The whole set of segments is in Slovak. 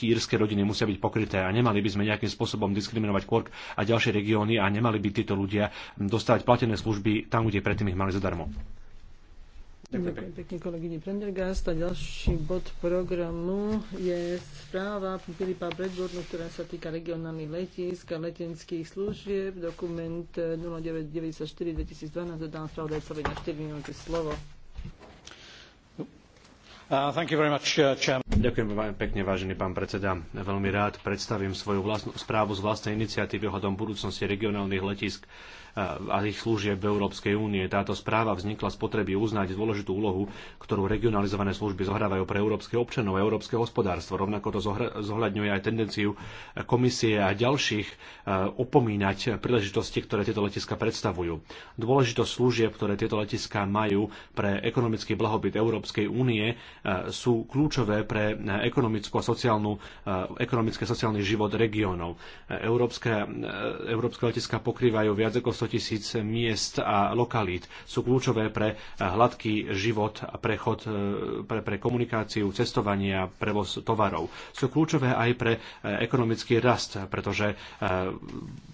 írske rodiny musia byť pokryté a nemali by sme nejakým spôsobom diskriminovať Kork a ďalšie regióny a nemali by títo ľudia dostávať platené služby tam, kde predtým ich mali zadarmo. Ďakujem pekne kolegyni Prendergast. A ďalší bod programu je správa Filipa Bredbornu, ktorá sa týka regionálnych letisk a letenských služieb. Dokument eh, 0994-2012 dodám spravodajcovi na 4 minúty slovo. Uh, uh, Ďakujem pekne, vážený pán predseda. Veľmi rád predstavím svoju vlastnú správu z vlastnej iniciatívy ohľadom budúcnosti regionálnych letisk uh, a ich služieb v Európskej únie. Táto správa vznikla z potreby uznať dôležitú úlohu, ktorú regionalizované služby zohrávajú pre európskych občanov a európske hospodárstvo. Rovnako to zohľadňuje aj tendenciu komisie a ďalších opomínať príležitosti, ktoré tieto letiska predstavujú. Dôležitosť služieb, ktoré tieto letiska majú pre ekonomický blahobyt Európskej únie, sú kľúčové pre eh, ekonomickú a sociálnu, eh, ekonomické a sociálny život regiónov. Eh, európske, európske letiska pokrývajú viac ako 100 tisíc miest a lokalít. Sú kľúčové pre hladký život a prechod, pre, pre komunikáciu, cestovanie a prevoz tovarov. Sú kľúčové aj pre ekonomický rast, pretože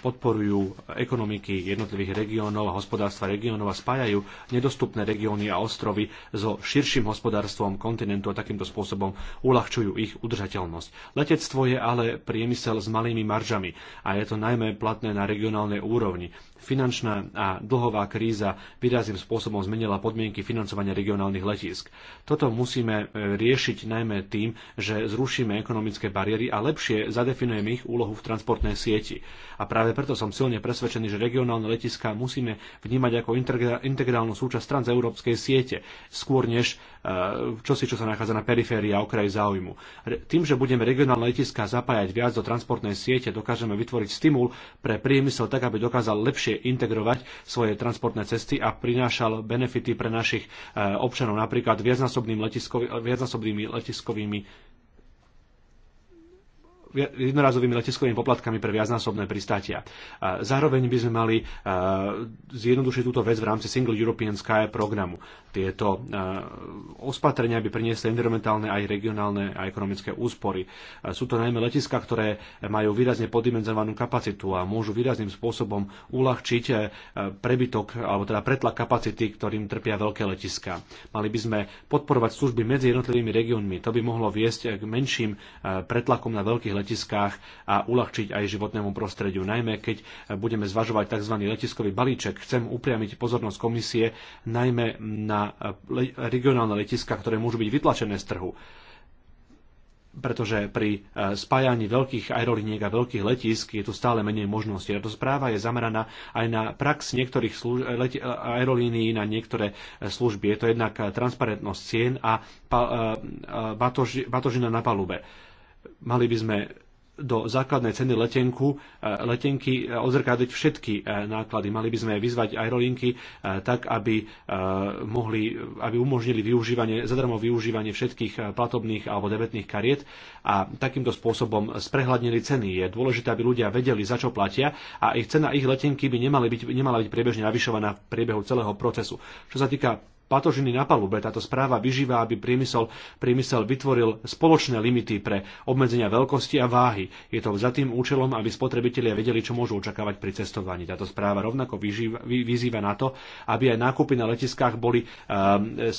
podporujú ekonomiky jednotlivých regiónov a hospodárstva regiónov a spájajú nedostupné regióny a ostrovy so širším hospodárstvom, kontinentu a takýmto spôsobom uľahčujú ich udržateľnosť. Letectvo je ale priemysel s malými maržami a je to najmä platné na regionálnej úrovni. Finančná a dlhová kríza výrazným spôsobom zmenila podmienky financovania regionálnych letisk. Toto musíme e, riešiť najmä tým, že zrušíme ekonomické bariéry a lepšie zadefinujeme ich úlohu v transportnej sieti. A práve preto som silne presvedčený, že regionálne letiská musíme vnímať ako integrálnu súčasť transeurópskej siete, skôr než e, čosi, čo sa nachádza na periférii a okraji záujmu. Tým, že budeme regionálne letiská zapájať viac do transportnej siete, dokážeme vytvoriť stimul pre priemysel tak, aby dokázal lepšie lepšie integrovať svoje transportné cesty a prinášal benefity pre našich eh, občanov, napríklad viacnásobnými letiskový, viacnásobnými letiskovými jednorazovými letiskovými poplatkami pre viacnásobné pristátia. Zároveň by sme mali eh, zjednodušiť túto vec v rámci Single European Sky programu. Tieto e, opatrenia by priniesli environmentálne aj regionálne a ekonomické úspory. E, sú to najmä letiska, ktoré majú výrazne poddimenzovanú kapacitu a môžu výrazným spôsobom uľahčiť e, prebytok alebo teda pretlak kapacity, ktorým trpia veľké letiska. Mali by sme podporovať služby medzi jednotlivými regiónmi. To by mohlo viesť k menším pretlakom na veľkých letiskách a uľahčiť aj životnému prostrediu. Najmä keď budeme zvažovať tzv. letiskový balíček, chcem upriamiť pozornosť komisie najmä na na regionálne letiska, ktoré môžu byť vytlačené z trhu pretože pri e, spájaní veľkých aerolíniek a veľkých letísk je tu stále menej možností. Táto správa je zameraná aj na prax niektorých služ- leti- e, aerolínií na niektoré e, služby. Je to jednak transparentnosť cien a pa- batoži- batožina na palube. Mali by sme do základnej ceny letenku, e, letenky e, odzrkadliť všetky e, náklady. Mali by sme vyzvať aerolinky tak, aby, mohli, aby umožnili využívanie, zadarmo využívanie všetkých platobných alebo debetných kariet a takýmto spôsobom sprehľadnili ceny. Je dôležité, aby ľudia vedeli, za čo platia a ich cena ich letenky by nemala byť, nemala byť priebežne navyšovaná v priebehu celého procesu. Čo sa týka patožiny na palube. Táto správa vyžíva, aby priemysel, priemysel vytvoril spoločné limity pre obmedzenia veľkosti a váhy. Je to za tým účelom, aby spotrebitelia vedeli, čo môžu očakávať pri cestovaní. Táto správa rovnako vyžíva, vyzýva na to, aby aj nákupy na letiskách boli, um,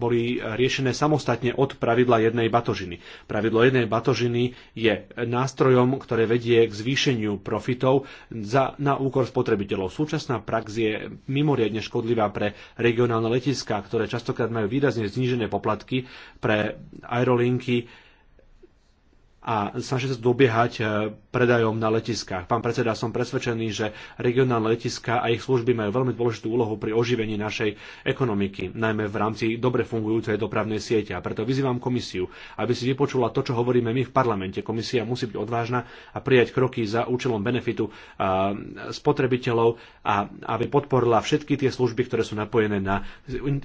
boli riešené samostatne od pravidla jednej batožiny. Pravidlo jednej batožiny je nástrojom, ktoré vedie k zvýšeniu profitov za, na úkor spotrebiteľov. Súčasná prax je mimoriadne škodlivá pre regionálne letiska letiská, ktoré častokrát majú výrazne znížené poplatky pre aerolinky, a snažia sa dobiehať e, predajom na letiskách. Pán predseda, som presvedčený, že regionálne letiska a ich služby majú veľmi dôležitú úlohu pri oživení našej ekonomiky, najmä v rámci dobre fungujúcej dopravnej siete. A preto vyzývam komisiu, aby si vypočula to, čo hovoríme my v parlamente. Komisia musí byť odvážna a prijať kroky za účelom benefitu e, spotrebiteľov a aby podporila všetky tie služby, ktoré sú napojené na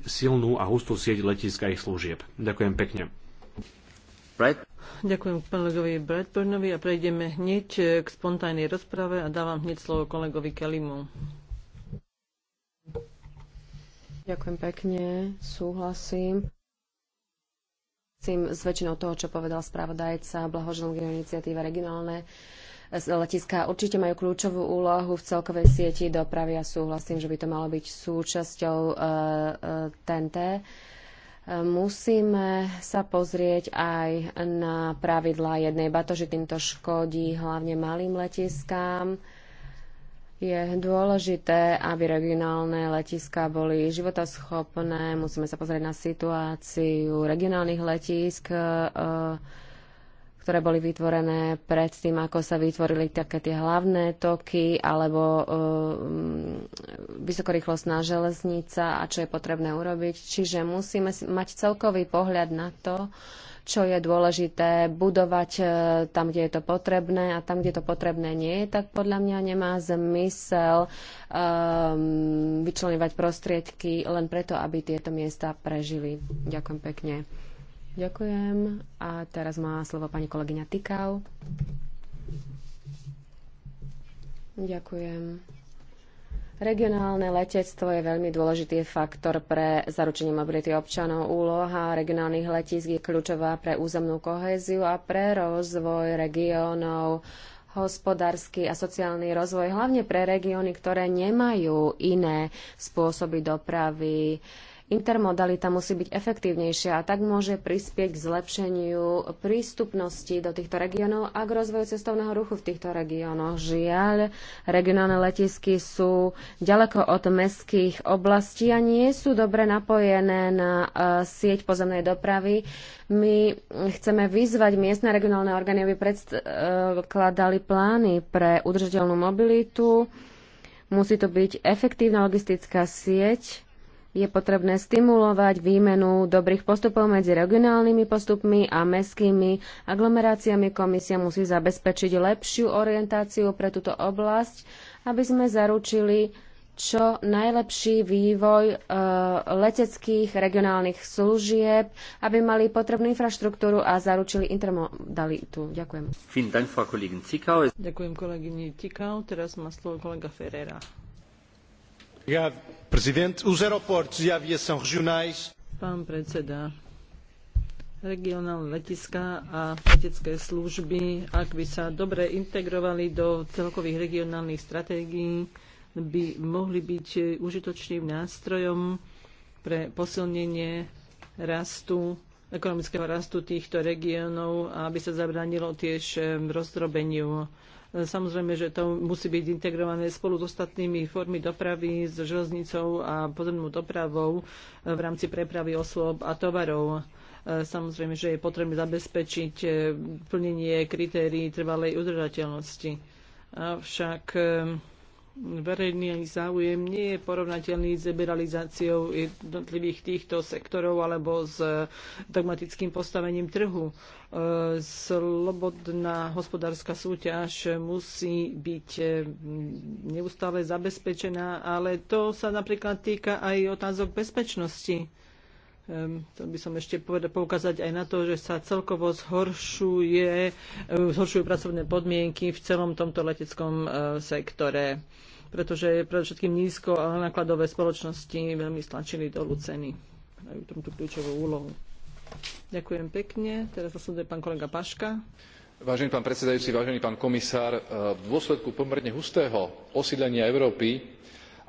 silnú a hustú sieť letiska a ich služieb. Ďakujem pekne. Right. Ďakujem kolegovi Bradburnovi a prejdeme hneď k spontánnej rozprave a dávam hneď slovo kolegovi Kelimu. Ďakujem pekne, súhlasím. Súhlasím s väčšinou toho, čo povedal spravodajca, blahoželom k iniciatíve regionálne letiska určite majú kľúčovú úlohu v celkovej sieti dopravy a súhlasím, že by to malo byť súčasťou TNT. Eh, eh, Musíme sa pozrieť aj na pravidlá jednej batože. Týmto škodí hlavne malým letiskám. Je dôležité, aby regionálne letiska boli životoschopné. Musíme sa pozrieť na situáciu regionálnych letisk, e, ktoré boli vytvorené pred tým, ako sa vytvorili také tie hlavné toky, alebo vysokorýchlostná železnica a čo je potrebné urobiť. Čiže musíme mať celkový pohľad na to, čo je dôležité budovať e, tam, kde je to potrebné a tam, kde to potrebné nie je, tak podľa mňa nemá zmysel um, vyčlenovať prostriedky len preto, aby tieto miesta prežili. Ďakujem pekne. Ďakujem. A teraz má slovo pani kolegyňa Tikau. Ďakujem. Regionálne letectvo je veľmi dôležitý faktor pre zaručenie mobility občanov. Úloha regionálnych letísk je kľúčová pre územnú kohéziu a pre rozvoj regiónov, hospodársky a sociálny rozvoj, hlavne pre regióny, ktoré nemajú iné spôsoby dopravy, Intermodalita musí byť efektívnejšia a tak môže prispieť k zlepšeniu prístupnosti do týchto regiónov a k rozvoju cestovného ruchu v týchto regiónoch. Žiaľ, regionálne letisky sú ďaleko od mestských oblastí a nie sú dobre napojené na e, sieť pozemnej dopravy. My chceme vyzvať miestne regionálne orgány, aby predkladali plány pre udržateľnú mobilitu. Musí to byť efektívna logistická sieť je potrebné stimulovať výmenu dobrých postupov medzi regionálnymi postupmi a mestskými aglomeráciami. Komisia musí zabezpečiť lepšiu orientáciu pre túto oblasť, aby sme zaručili čo najlepší vývoj e, leteckých regionálnych služieb, aby mali potrebnú infraštruktúru a zaručili intermodalitu. Ďakujem. Ďakujem kolegyni Tikau. Teraz má slovo kolega Ferreira. E Pán predseda, regionálne letiská a letecké služby, ak by sa dobre integrovali do celkových regionálnych stratégií, by mohli byť užitočným nástrojom pre posilnenie rastu, ekonomického rastu týchto regiónov aby sa zabránilo tiež mm, rozdrobeniu Samozrejme, že to musí byť integrované spolu s ostatnými formy dopravy, s železnicou a pozemnou dopravou v rámci prepravy osôb a tovarov. E, samozrejme, že je potrebné zabezpečiť e, plnenie kritérií trvalej udržateľnosti. Avšak e, verejný záujem nie je porovnateľný s liberalizáciou jednotlivých týchto sektorov alebo s dogmatickým postavením trhu. E, slobodná hospodárska súťaž musí byť e, neustále zabezpečená, ale to sa napríklad týka aj otázok bezpečnosti. Chcel by som ešte poukázať aj na to, že sa celkovo zhoršuje, zhoršujú pracovné podmienky v celom tomto leteckom e, sektore, pretože predovšetkým nízko nákladové spoločnosti veľmi stlačili dolu ceny. Majú tú kľúčovú úlohu. Ďakujem pekne. Teraz nasleduje pán kolega Paška. Vážený pán predsedajúci, vážený pán komisár, e, v dôsledku pomerne hustého osídlenia Európy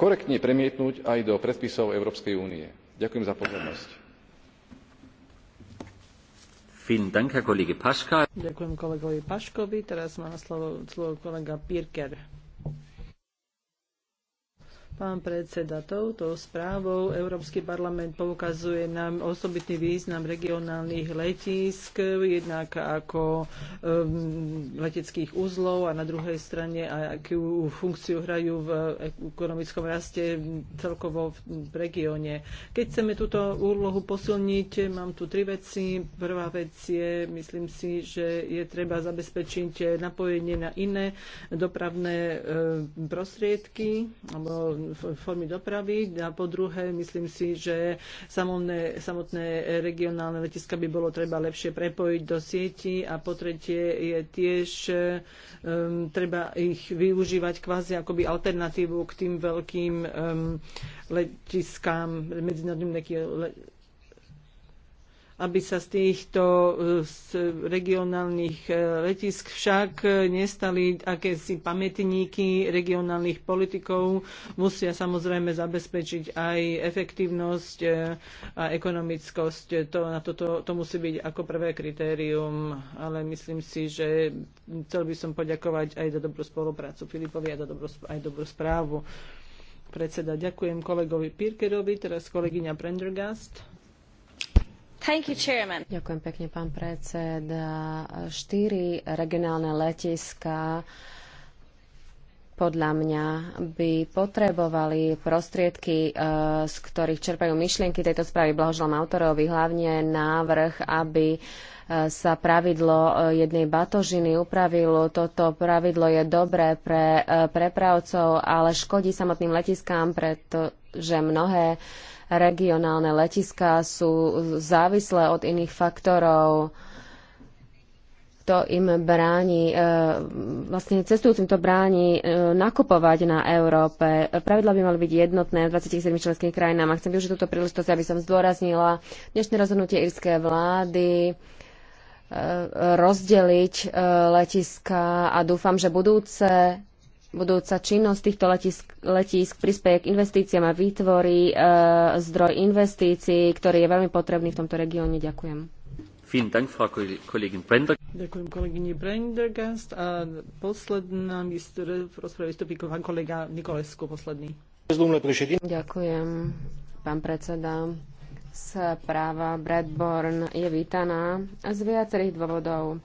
korektne premietnuť aj do predpisov európskej únie. ďakujem za pozornosť. Ďakujem kolegovi Paškovi. Teraz má slovo, slovo kolega Pirker. Pán predseda, touto správou Európsky parlament poukazuje nám osobitný význam regionálnych letísk, jednak ako um, leteckých uzlov a na druhej strane aj akú funkciu hrajú v ekonomickom raste celkovo v regióne. Keď chceme túto úlohu posilniť, mám tu tri veci. Prvá vec je, myslím si, že je treba zabezpečiť napojenie na iné dopravné ehm, prostriedky alebo formy dopravy a po druhé myslím si, že samotné, samotné regionálne letiska by bolo treba lepšie prepojiť do sieti a po tretie je tiež um, treba ich využívať kvázi akoby alternatívu k tým veľkým um, letiskám, medzinárodným letiskám aby sa z týchto e, z regionálnych e, letisk však e, nestali akési pamätníky regionálnych politikov. Musia samozrejme zabezpečiť aj efektívnosť a ekonomickosť. To, na to, to musí byť ako prvé kritérium, ale myslím si, že chcel by som poďakovať aj za dobrú spoluprácu Filipovi a za dobrú, aj dobrú správu. Predseda, ďakujem kolegovi Pirkerovi, teraz kolegyňa Prendergast. You, Ďakujem pekne, pán predseda. Štyri regionálne letiská podľa mňa by potrebovali prostriedky, e, z ktorých čerpajú myšlienky tejto správy. Blahoželám autorovi hlavne návrh, aby e, sa pravidlo e, jednej batožiny upravilo. Toto pravidlo je dobré pre prepravcov, ale škodí samotným letiskám, pretože mnohé regionálne letiská sú závislé od iných faktorov to im bráni, e, vlastne cestujúcim to bráni e, nakupovať na Európe. Pravidla by mali byť jednotné v 27 členských krajinách. A chcem využiť túto príležitosť, aby som zdôraznila dnešné rozhodnutie írskej vlády e, rozdeliť letiska a dúfam, že budúce budúca činnosť týchto letisk, letisk prispieje k investíciám a vytvorí e, zdroj investícií, ktorý je veľmi potrebný v tomto regióne. Ďakujem. Ďakujem kolegyni Brendergast a posledná v rozprave vystupí pán kolega Nikolesku, posledný. Ďakujem, pán predseda. Správa Bradborn je vítaná z viacerých dôvodov.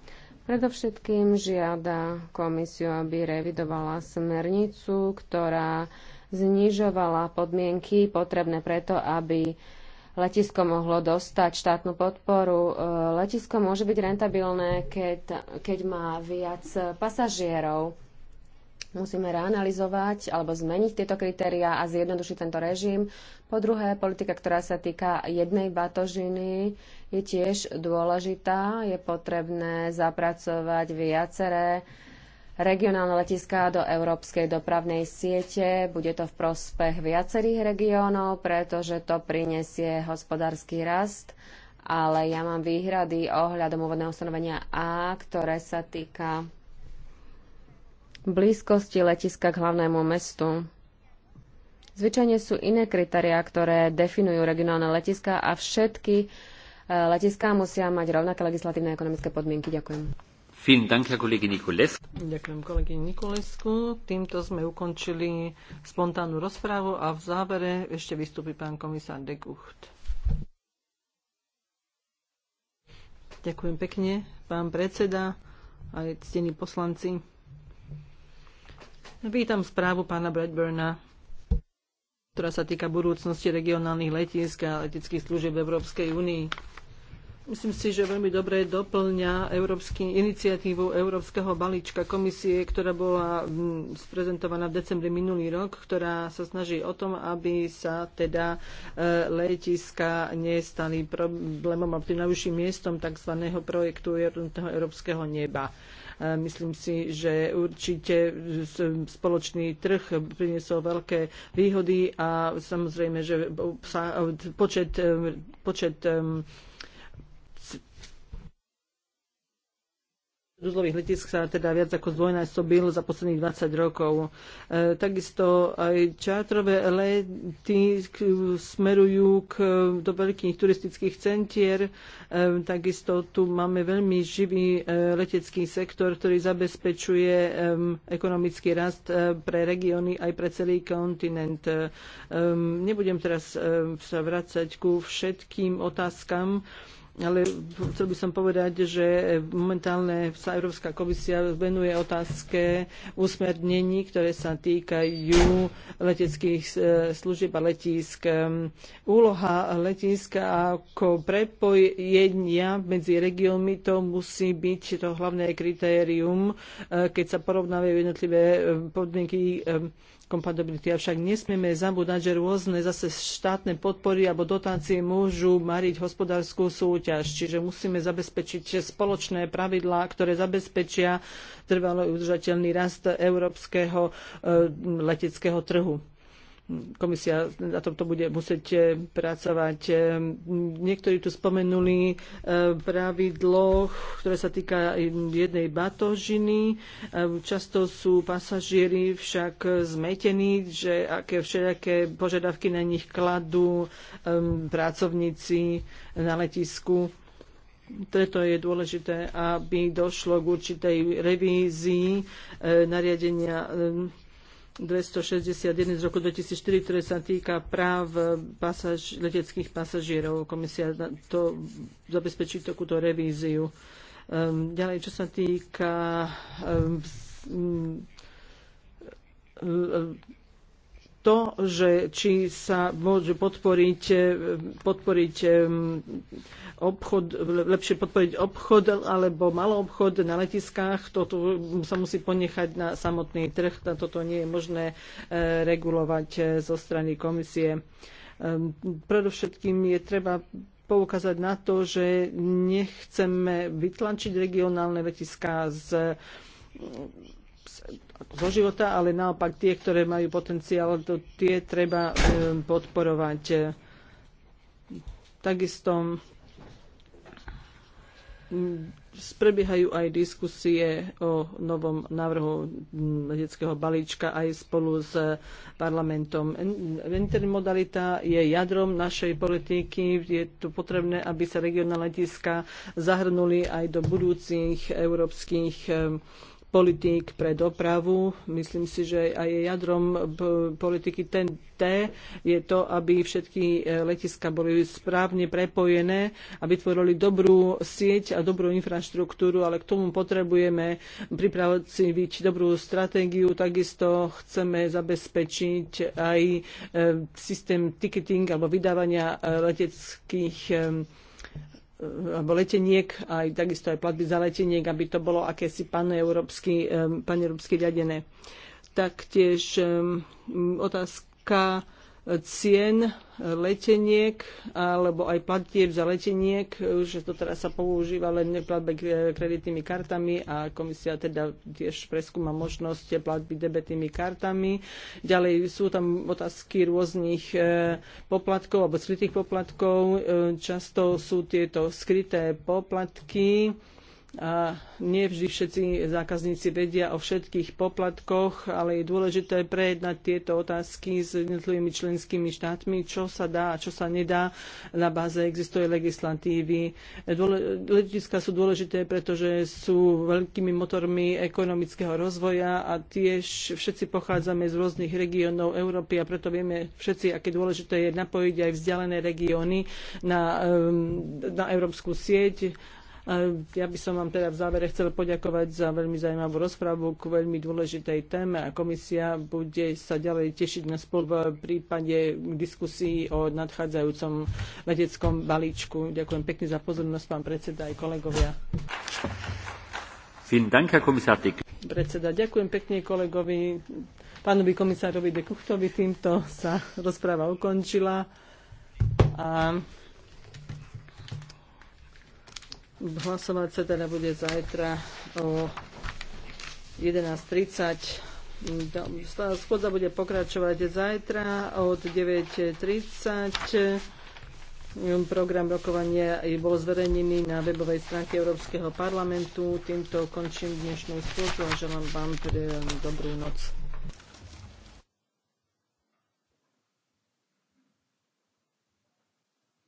Predovšetkým žiada komisiu, aby revidovala smernicu, ktorá znižovala podmienky potrebné preto, aby letisko mohlo dostať štátnu podporu. E, letisko môže byť rentabilné, keď, keď má viac pasažierov. Musíme reanalizovať alebo zmeniť tieto kritériá a zjednodušiť tento režim. Po druhé, politika, ktorá sa týka jednej batožiny, je tiež dôležitá. Je potrebné zapracovať viaceré uh, regionálne letiská do európskej dopravnej siete. Bude to v prospech viacerých regiónov, pretože to prinesie hospodársky rast, ale ja mám výhrady ohľadom úvodného stanovenia A, ktoré sa týka blízkosti letiska k hlavnému mestu. Zvyčajne sú iné kritériá, ktoré definujú regionálne letiská a všetky eh, letiská musia mať rovnaké legislatívne a ekonomické podmienky. Ďakujem. Ďakujem kolegyni Nikolesku. Týmto sme ukončili spontánnu rozprávu a v závere ešte vystúpi pán komisár de Gucht. Ďakujem pekne, pán predseda aj ctení poslanci. Vítam správu pána Bradburna, ktorá sa týka budúcnosti regionálnych letisk a letických služieb v Európskej únii. Myslím si, že veľmi dobre doplňa európsky, iniciatívu Európskeho balíčka komisie, ktorá bola mm, sprezentovaná v decembri minulý rok, ktorá sa snaží o tom, aby sa teda e, letiska nestali problémom a tým najvyšším miestom tzv. projektu Európskeho neba. E, myslím si, že určite spoločný trh priniesol veľké výhody a samozrejme, že počet, e, počet Duzlových letisk sa teda viac ako zdvojnásobil za posledných 20 rokov. E, takisto aj čátrové lety k, smerujú k, do veľkých turistických centier. E, takisto tu máme veľmi živý e, letecký sektor, ktorý zabezpečuje e, ekonomický rast e, pre regióny aj pre celý kontinent. E, e nebudem teraz e, sa vrácať ku všetkým otázkam, ale chcel by som povedať, že momentálne sa Európska komisia venuje otázke usmernení, ktoré sa týkajú leteckých e, služieb a letísk. Úloha letiska ako prepojenia medzi regiónmi to musí byť to hlavné kritérium, e, keď sa porovnávajú jednotlivé e, podmienky kompatibility. Avšak nesmieme zabúdať, že rôzne zase štátne podpory alebo dotácie môžu mariť hospodárskú súťaž súťaž. Čiže musíme zabezpečiť spoločné pravidlá, ktoré zabezpečia trvalo udržateľný rast európskeho e, leteckého trhu komisia na tomto bude musieť eh, pracovať. Eh, niektorí tu spomenuli eh, pravidlo, ktoré sa týka jednej batožiny. Často sú pasažieri však zmetení, že aké všelijaké požiadavky na nich kladú pracovníci na letisku. Preto je dôležité, aby došlo k určitej revízii nariadenia 261 z roku 2004, ktoré sa týka práv pasaž, leteckých pasažierov. Komisia to zabezpečí takúto revíziu. Um, ďalej, čo sa týka um, um, to, že či sa môže podporiť, e, podporiť e, obchod, lepšie podporiť obchod alebo malý obchod na letiskách, toto sa musí ponechať na samotný trh, na toto nie je možné e, regulovať zo strany komisie. Predovšetkým je treba poukázať na to, že nechceme vytlačiť regionálne letiská z zo života, ale naopak tie, ktoré majú potenciál, to tie treba podporovať. Takisto prebiehajú aj diskusie o novom návrhu detského balíčka aj spolu s parlamentom. Intermodalita je jadrom našej politiky. Je tu potrebné, aby sa regionálne letiska zahrnuli aj do budúcich európskych politík pre dopravu. Myslím si, že aj jadrom politiky T je to, aby všetky e, letiska boli správne prepojené, aby tvorili dobrú sieť a dobrú infraštruktúru, ale k tomu potrebujeme pripraviť dobrú stratégiu. Takisto chceme zabezpečiť aj e, systém ticketing alebo vydávania e, leteckých alebo leteniek, aj takisto aj platby za leteniek, aby to bolo akési paneurópsky, ehm, paneurópsky riadené. Taktiež ehm, otázka cien leteniek alebo aj platieb za leteniek, že to teraz sa používa len platbe kreditnými kartami a komisia teda tiež preskúma možnosť platby debetnými kartami. Ďalej sú tam otázky rôznych e, poplatkov alebo skrytých poplatkov. E, často sú tieto skryté poplatky a nie vždy všetci zákazníci vedia o všetkých poplatkoch, ale je dôležité prejednať tieto otázky s jednotlivými členskými štátmi, čo sa dá a čo sa nedá na báze existuje legislatívy. Letiska sú dôležité, pretože sú veľkými motormi ekonomického rozvoja a tiež všetci pochádzame z rôznych regiónov Európy a preto vieme všetci, aké dôležité je napojiť aj vzdialené regióny na, na európsku sieť ja by som vám teda v závere chcel poďakovať za veľmi zaujímavú rozprávu k veľmi dôležitej téme a komisia bude sa ďalej tešiť na spolu v prípade diskusí o nadchádzajúcom vedeckom balíčku. Ďakujem pekne za pozornosť, pán predseda aj kolegovia. Predseda, ďakujem pekne kolegovi, pánovi komisárovi de Kuchtovi. Týmto sa rozpráva ukončila. A Hlasovať sa teda bude zajtra o 11.30. Schôdza bude pokračovať zajtra od 9.30. Program rokovania bol zverejnený na webovej stránke Európskeho parlamentu. Týmto končím dnešnú schôdzu a želám vám dobrú noc.